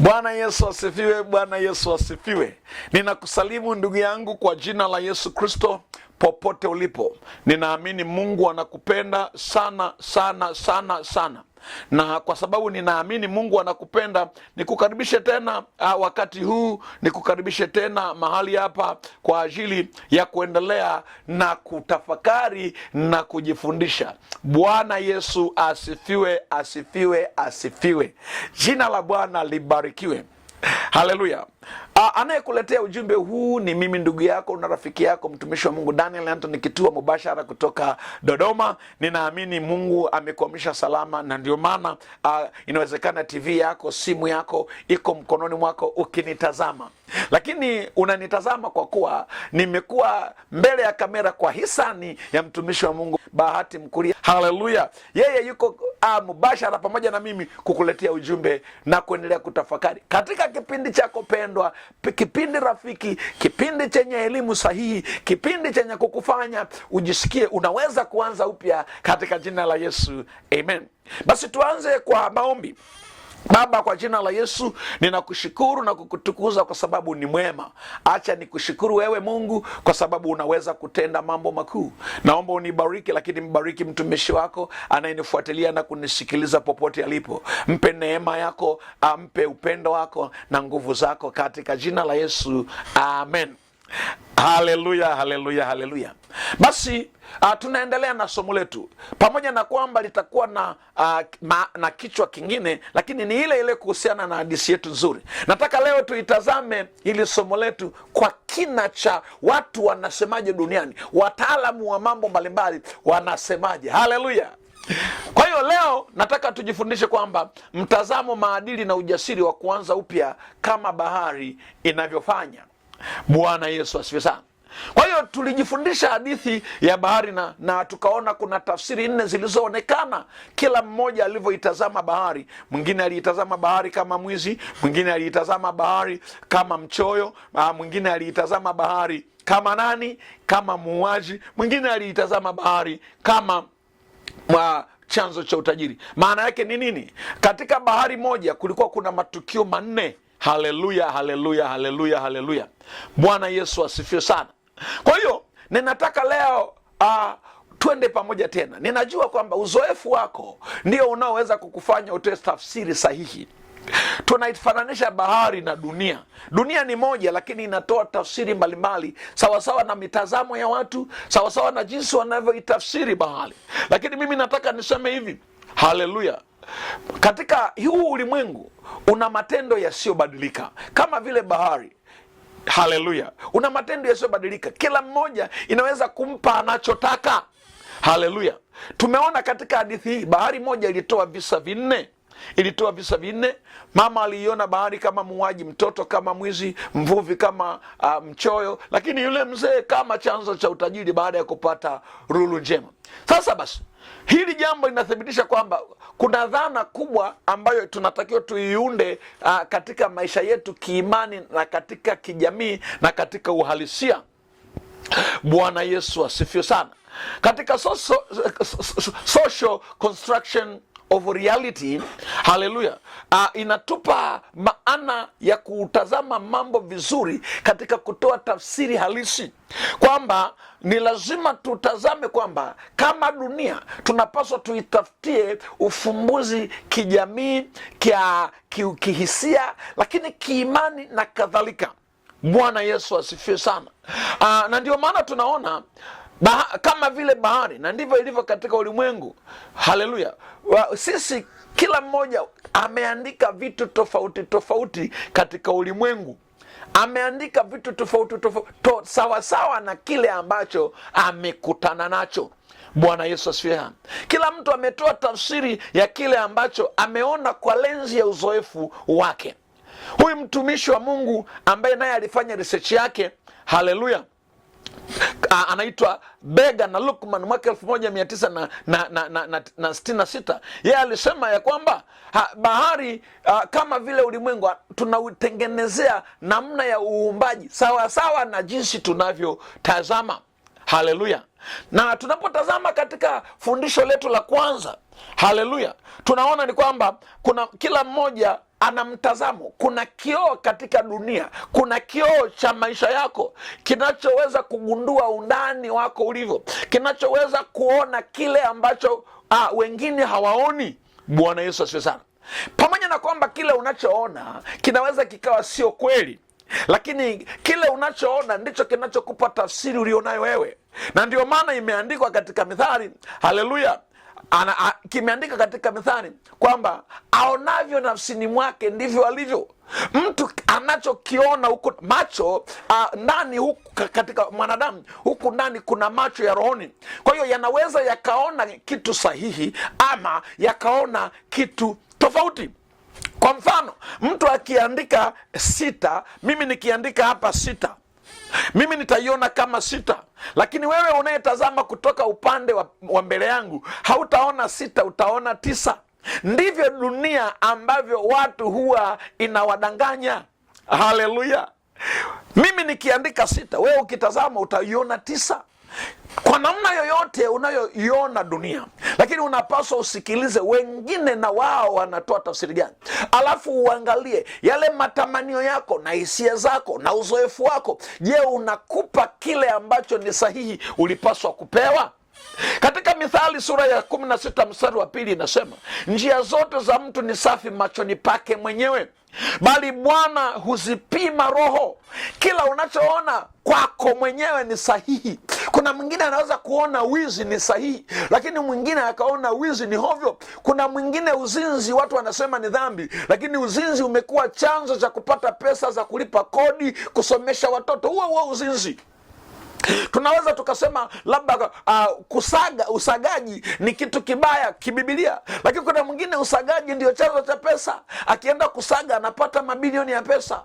Bwana Yesu asifiwe! Bwana Yesu asifiwe! Ninakusalimu ndugu yangu kwa jina la Yesu Kristo popote ulipo. Ninaamini Mungu anakupenda sana sana sana sana na kwa sababu ninaamini Mungu anakupenda, nikukaribishe tena uh, wakati huu nikukaribishe tena mahali hapa kwa ajili ya kuendelea na kutafakari na kujifundisha. Bwana Yesu asifiwe, asifiwe, asifiwe! Jina la Bwana libarikiwe. Haleluya! Ah, anayekuletea ujumbe huu ni mimi ndugu yako na rafiki yako mtumishi wa Mungu Daniel Anthony Kitua, mubashara kutoka Dodoma. Ninaamini Mungu amekuamisha salama, na ndio maana ah, inawezekana TV yako, simu yako iko mkononi mwako ukinitazama, lakini unanitazama kwa kuwa nimekuwa mbele ya kamera kwa hisani ya mtumishi wa Mungu Bahati Mkuria. Haleluya! yeye yuko uh, mubashara pamoja na mimi kukuletea ujumbe na kuendelea kutafakari katika kipindi chako pendwa mpendwa, kipindi rafiki, kipindi chenye elimu sahihi, kipindi chenye kukufanya ujisikie unaweza kuanza upya katika jina la Yesu, amen. Basi tuanze kwa maombi. Baba, kwa jina la Yesu ninakushukuru na kukutukuza kwa sababu ni mwema. Acha nikushukuru wewe Mungu kwa sababu unaweza kutenda mambo makuu. Naomba unibariki, lakini mbariki mtumishi wako anayenifuatilia na kunisikiliza popote alipo. Mpe neema yako, ampe upendo wako na nguvu zako, katika jina la Yesu, amen. Haleluya, haleluya, haleluya! Basi Uh, tunaendelea na somo letu pamoja na kwamba litakuwa na, uh, ma, na kichwa kingine lakini ni ile ile kuhusiana na hadisi yetu nzuri. Nataka leo tuitazame hili somo letu kwa kina cha watu wanasemaje duniani, wataalamu wa mambo mbalimbali wanasemaje. Haleluya! Kwa hiyo leo nataka tujifundishe kwamba mtazamo, maadili na ujasiri wa kuanza upya kama bahari inavyofanya. Bwana Yesu asifiwe sana. Kwa hiyo tulijifundisha hadithi ya bahari na, na tukaona kuna tafsiri nne zilizoonekana kila mmoja alivyoitazama bahari. Mwingine aliitazama bahari kama mwizi, mwingine aliitazama bahari kama mchoyo, ah, mwingine aliitazama bahari kama nani, kama muuaji, mwingine aliitazama bahari kama mwa ah, chanzo cha utajiri. Maana yake ni nini? Katika bahari moja kulikuwa kuna matukio manne. Haleluya, haleluya, haleluya, haleluya! Bwana Yesu asifiwe sana. Kwa hiyo ninataka leo uh, twende pamoja tena. Ninajua kwamba uzoefu wako ndio unaoweza kukufanya utoe tafsiri sahihi. Tunaifananisha bahari na dunia. Dunia ni moja, lakini inatoa tafsiri mbalimbali sawasawa na mitazamo ya watu, sawasawa na jinsi wanavyoitafsiri bahari. Lakini mimi nataka niseme hivi, haleluya! Katika huu ulimwengu una matendo yasiyobadilika kama vile bahari. Haleluya! Una matendo yasiyobadilika, kila mmoja inaweza kumpa anachotaka. Haleluya! Tumeona katika hadithi hii, bahari moja ilitoa visa vinne ilitoa visa vinne. Mama aliiona bahari kama muuaji, mtoto kama mwizi, mvuvi kama uh, mchoyo, lakini yule mzee kama chanzo cha utajiri baada ya kupata lulu njema. Sasa basi Hili jambo linathibitisha kwamba kuna dhana kubwa ambayo tunatakiwa tuiunde uh, katika maisha yetu kiimani na katika kijamii na katika uhalisia. Bwana Yesu asifiwe sana. Katika social, social construction of reality haleluya. Uh, inatupa maana ya kutazama mambo vizuri katika kutoa tafsiri halisi, kwamba ni lazima tutazame kwamba kama dunia tunapaswa tuitafutie ufumbuzi kijamii, kia kihisia, lakini kiimani na kadhalika. Bwana Yesu asifiwe sana. Uh, na ndio maana tunaona Baha, kama vile bahari na ndivyo ilivyo katika ulimwengu. Haleluya! Sisi kila mmoja ameandika vitu tofauti tofauti katika ulimwengu, ameandika vitu tofauti tofauti to, sawasawa na kile ambacho amekutana nacho. Bwana Yesu asifiwe. Kila mtu ametoa tafsiri ya kile ambacho ameona kwa lenzi ya uzoefu wake. Huyu mtumishi wa Mungu ambaye naye alifanya research yake, haleluya anaitwa Bega na Lukman mwaka elfu moja mia tisa na, na, na, na, na, na sitini na sita yeye alisema ya kwamba ha, bahari ha, kama vile ulimwengu tunautengenezea namna ya uumbaji sawasawa sawa na jinsi tunavyotazama. Haleluya! Na tunapotazama katika fundisho letu la kwanza, haleluya, tunaona ni kwamba kuna kila mmoja ana mtazamo. Kuna kioo katika dunia, kuna kioo cha maisha yako kinachoweza kugundua undani wako ulivyo, kinachoweza kuona kile ambacho ah, wengine hawaoni. Bwana Yesu asiwe sana, pamoja na kwamba kile unachoona kinaweza kikawa sio kweli lakini kile unachoona ndicho kinachokupa tafsiri ulionayo wewe, na ndio maana imeandikwa katika Mithali, haleluya, ana, a, kimeandika katika Mithali kwamba aonavyo nafsini mwake ndivyo alivyo mtu anachokiona huku macho uh, ndani huku katika mwanadamu huku ndani kuna macho ya rohoni. Kwa hiyo yanaweza yakaona kitu sahihi ama yakaona kitu tofauti. Kwa mfano mtu akiandika sita, mimi nikiandika hapa sita mimi nitaiona kama sita, lakini wewe unayetazama kutoka upande wa, wa mbele yangu hautaona sita, utaona tisa. Ndivyo dunia ambavyo watu huwa inawadanganya. Haleluya! Mimi nikiandika sita, wewe ukitazama utaiona tisa kwa namna yoyote unayoiona dunia, lakini unapaswa usikilize wengine na wao wanatoa tafsiri gani, alafu uangalie yale matamanio yako na hisia zako na uzoefu wako. Je, unakupa kile ambacho ni sahihi ulipaswa kupewa? Katika Mithali sura ya kumi na sita mstari wa pili inasema, njia zote za mtu ni safi machoni pake mwenyewe, bali Bwana huzipima roho. Kila unachoona kwako mwenyewe ni sahihi kuna mwingine anaweza kuona wizi ni sahihi, lakini mwingine akaona wizi ni hovyo. Kuna mwingine uzinzi, watu wanasema ni dhambi, lakini uzinzi umekuwa chanzo cha kupata pesa za kulipa kodi, kusomesha watoto. Huo huo uzinzi tunaweza tukasema labda uh, kusaga usagaji ni kitu kibaya kibibilia, lakini kuna mwingine usagaji ndio chanzo cha pesa, akienda kusaga anapata mabilioni ya pesa.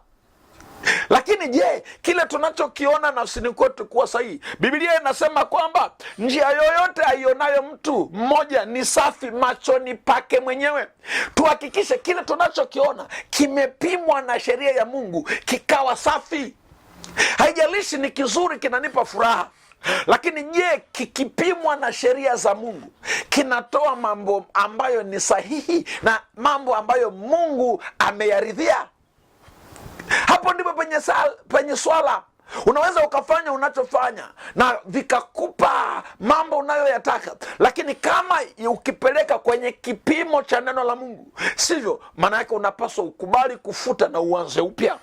Lakini je, kile tunachokiona nafsini kwetu kuwa sahihi? Biblia inasema kwamba njia yoyote aionayo mtu mmoja ni safi machoni pake mwenyewe. Tuhakikishe kile tunachokiona kimepimwa na sheria ya Mungu kikawa safi. Haijalishi ni kizuri, kinanipa furaha lakini je, kikipimwa na sheria za Mungu kinatoa mambo ambayo ni sahihi na mambo ambayo Mungu ameyaridhia? Hapo ndipo penye, penye swala unaweza ukafanya unachofanya na vikakupa mambo unayoyataka, lakini kama ukipeleka kwenye kipimo cha neno la Mungu sivyo, maana yake unapaswa ukubali kufuta na uanze upya.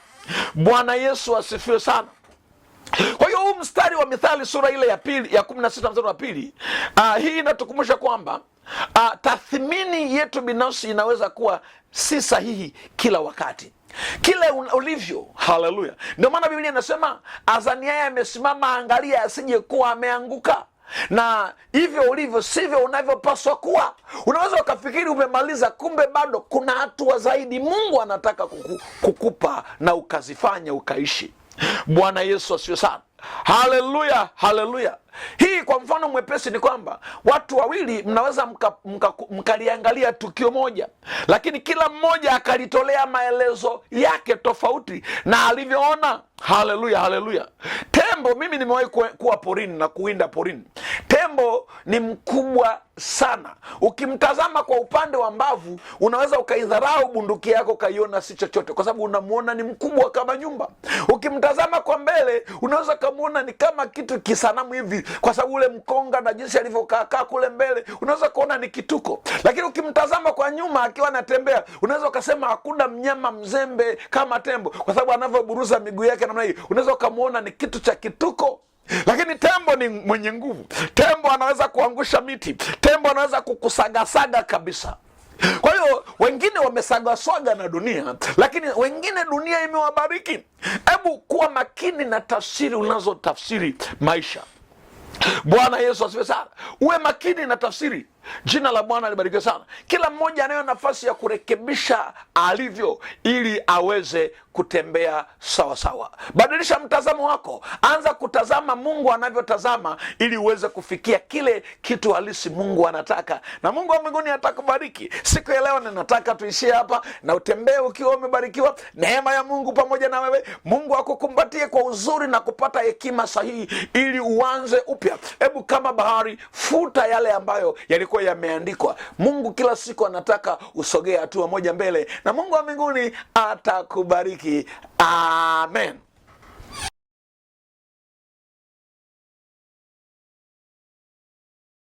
Bwana Yesu asifiwe sana. Kwa hiyo huu mstari wa Mithali sura ile ya pili ya kumi na sita mstari wa pili uh, hii inatukumbusha kwamba uh, tathmini yetu binafsi inaweza kuwa si sahihi kila wakati kile ulivyo. Haleluya! Ndio maana Biblia inasema azania amesimama, angalia asije kuwa ameanguka. Na hivyo ulivyo sivyo unavyopaswa kuwa. Unaweza ukafikiri umemaliza, kumbe bado kuna hatua zaidi Mungu anataka kuku, kukupa na ukazifanya ukaishi. Bwana Yesu asio sana. Haleluya, haleluya. Hii kwa mfano mwepesi ni kwamba watu wawili mnaweza mkaliangalia mka, mka tukio moja, lakini kila mmoja akalitolea maelezo yake tofauti na alivyoona. Haleluya, haleluya. Tembo, mimi nimewahi kuwa porini na kuwinda porini. Tembo ni mkubwa sana. Ukimtazama kwa upande wa mbavu, unaweza ukaidharau bunduki yako ukaiona si chochote, kwa sababu unamwona ni mkubwa kama nyumba. Ukimtazama kwa mbele, unaweza ukamwona ni kama kitu kisanamu hivi, kwa sababu ule mkonga na jinsi alivyokaakaa kule mbele, unaweza kuona ni kituko. Lakini ukimtazama kwa nyuma akiwa anatembea, unaweza ukasema hakuna mnyama mzembe kama tembo, kwa sababu anavyoburuza miguu yake namna hii, unaweza ukamwona ni kitu cha kituko lakini tembo ni mwenye nguvu. Tembo anaweza kuangusha miti, tembo anaweza kukusagasaga kabisa. Kwa hiyo wengine wamesagaswaga na dunia, lakini wengine dunia imewabariki. Hebu kuwa makini na tafsiri unazotafsiri maisha. Bwana Yesu asifiwe sana. Uwe makini na tafsiri Jina la Bwana libarikiwe sana. Kila mmoja anayo nafasi ya kurekebisha alivyo, ili aweze kutembea sawa sawa. Badilisha mtazamo wako, anza kutazama Mungu anavyotazama, ili uweze kufikia kile kitu halisi Mungu anataka, na Mungu wa mbinguni atakubariki siku ya leo. Ninataka tuishie hapa, na utembee ukiwa umebarikiwa. Neema ya Mungu pamoja na wewe. Mungu akukumbatie kwa uzuri na kupata hekima sahihi, ili uanze upya. Hebu kama bahari, futa yale ambayo yali yalikuwa yameandikwa. Mungu kila siku anataka usogee hatua moja mbele, na Mungu wa mbinguni atakubariki. Amen.